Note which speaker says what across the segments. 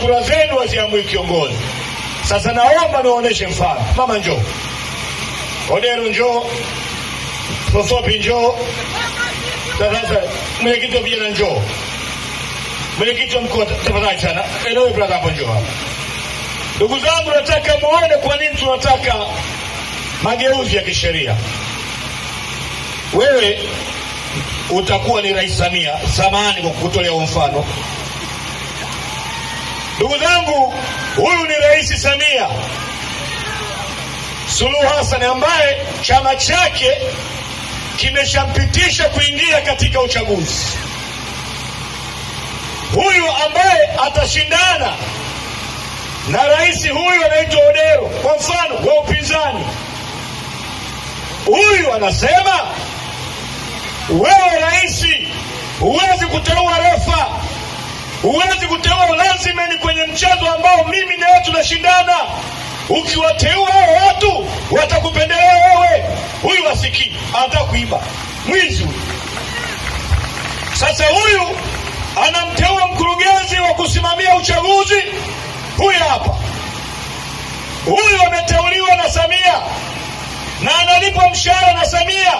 Speaker 1: Kura zenu haziamui kiongozi. Sasa naomba niwaoneshe mfano. Mama njoo, Odero njoo, Prosopi njoo, sasa mwenyekiti wa vijana njoo, mwenyekiti wa mkoa tafadhali sana, eneo brada hapo njoo hapa. Ndugu zangu, nataka muone kwa nini tunataka mageuzi ya kisheria. Wewe utakuwa ni Rais Samia, samahani kwa kukutolea mfano Ndugu zangu, huyu ni Rais Samia Suluhu Hassan ambaye chama chake kimeshampitisha kuingia katika uchaguzi. Huyu ambaye atashindana na rais huyu anaitwa Odero, kwa mfano wa upinzani. Huyu anasema wewe rais, huwezi kuteua refa Huwezi kuteua ni kwenye mchezo ambao mimi na wewe tunashindana. Ukiwateua watu watakupendelea wewe. Huyu wasikii, anataka kuiba, mwizi huyu. Sasa huyu anamteua mkurugenzi wa kusimamia uchaguzi, huyu hapa. Huyu ameteuliwa na Samia na analipwa mshahara na Samia,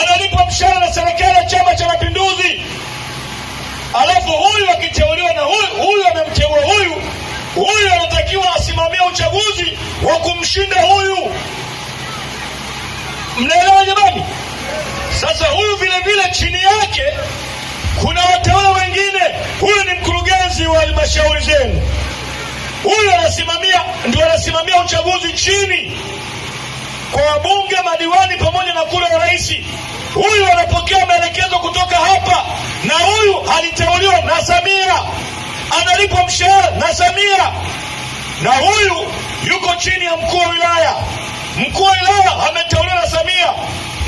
Speaker 1: analipwa mshahara na serikali ya Chama cha Mapinduzi alafu huyu akiteuliwa na huyu, huyu amemteua huyu, huyu anatakiwa asimamie uchaguzi wa kumshinda huyu. Mnaelewa jamani? Sasa huyu vile vile chini yake kuna wateule wengine. Huyu ni mkurugenzi wa halmashauri zenu, huyu anasimamia, ndio anasimamia uchaguzi chini kwa wabunge, madiwani pamoja na kura ya rais. Huyu anapokea maelekezo kutoka hapa, na huyu aliteuliwa na Samia, analipwa mshahara na Samia, na huyu yuko chini ya mkuu wa wilaya. Mkuu wa wilaya ameteuliwa na Samia,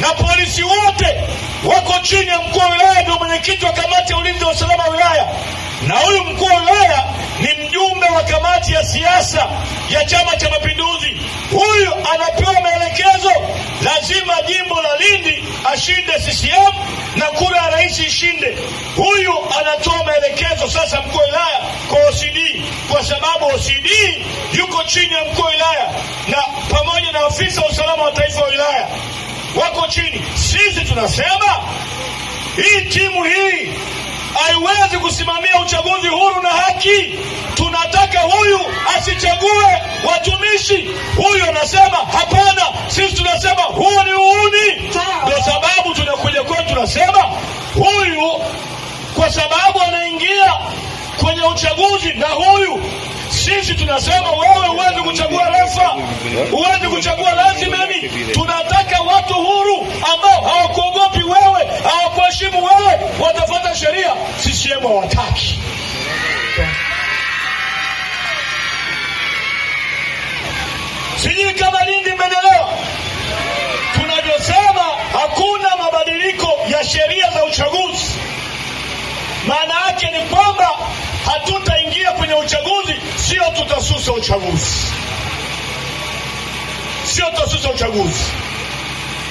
Speaker 1: na polisi wote wako chini ya mkuu wa wilaya, ndio mwenyekiti wa kamati ya ulinzi wa usalama wa wilaya, na huyu mkuu wa wilaya ni mjumbe wa kamati siasa ya Chama cha Mapinduzi, huyu anapewa maelekezo, lazima jimbo la Lindi ashinde CCM na kura ya rais ishinde. Huyu anatoa maelekezo sasa mkuu wa wilaya kwa OCD, kwa sababu OCD yuko chini ya mkuu wa wilaya na pamoja na afisa wa usalama wa taifa wa wilaya wako chini. Sisi tunasema hii timu hii haiwezi kusimamia uchaguzi huru na haki wasichague watumishi. Huyu anasema hapana, sisi tunasema huu ni uuni. Ndio sababu tunakuja kwetu tunasema huyu, kwa sababu anaingia kwenye uchaguzi na huyu sisi tunasema wewe huwezi kuchagua refa, huwezi kuchagua lazimeni. Tunataka watu huru ambao hawakuogopi wewe, hawakuheshimu wewe, watafuata sheria. CCM hawataki. Sijui kama Lindi mmenielewa. Tunavyosema hakuna mabadiliko ya sheria za uchaguzi, maana yake ni kwamba hatutaingia kwenye uchaguzi, sio tutasusa uchaguzi, sio tutasusa uchaguzi.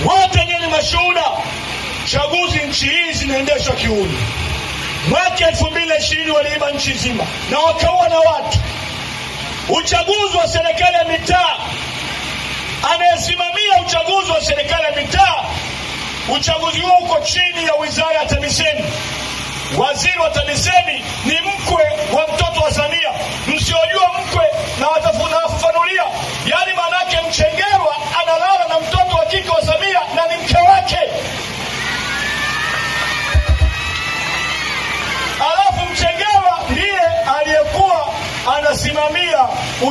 Speaker 1: Wote nyenye ni mashuhuda, chaguzi nchi hii zinaendeshwa kiuni. Mwaka elfu mbili na ishirini waliiba nchi nzima na wakaua na watu uchaguzi wa serikali ya mitaa, anayesimamia uchaguzi wa serikali ya mitaa. Uchaguzi huo uko chini ya wizara ya TAMISEMI. Waziri wa TAMISEMI ni mkwe wa mtoto wa Samia. Msiojua mkwe na watafunulia kusimamia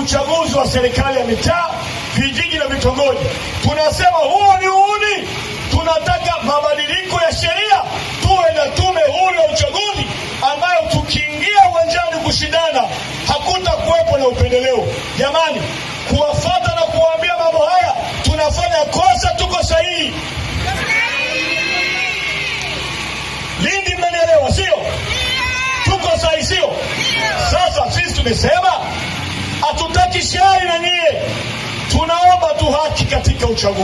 Speaker 1: uchaguzi wa serikali ya mitaa, vijiji na vitongoji. Tunasema huo ni uhuni, tunataka mabadiliko ya sheria, tuwe na tume huru ya uchaguzi ambayo tukiingia uwanjani kushindana hakuta kuwepo na upendeleo. Jamani, kuwafata na kuwaambia mambo haya, tunafanya kosa, tuko sahihi? Lindi, mmenielewa sio? Tuko sahihi sio? Sasa sisi tumesema Ishara na nie tunaomba tu haki katika uchaguzi.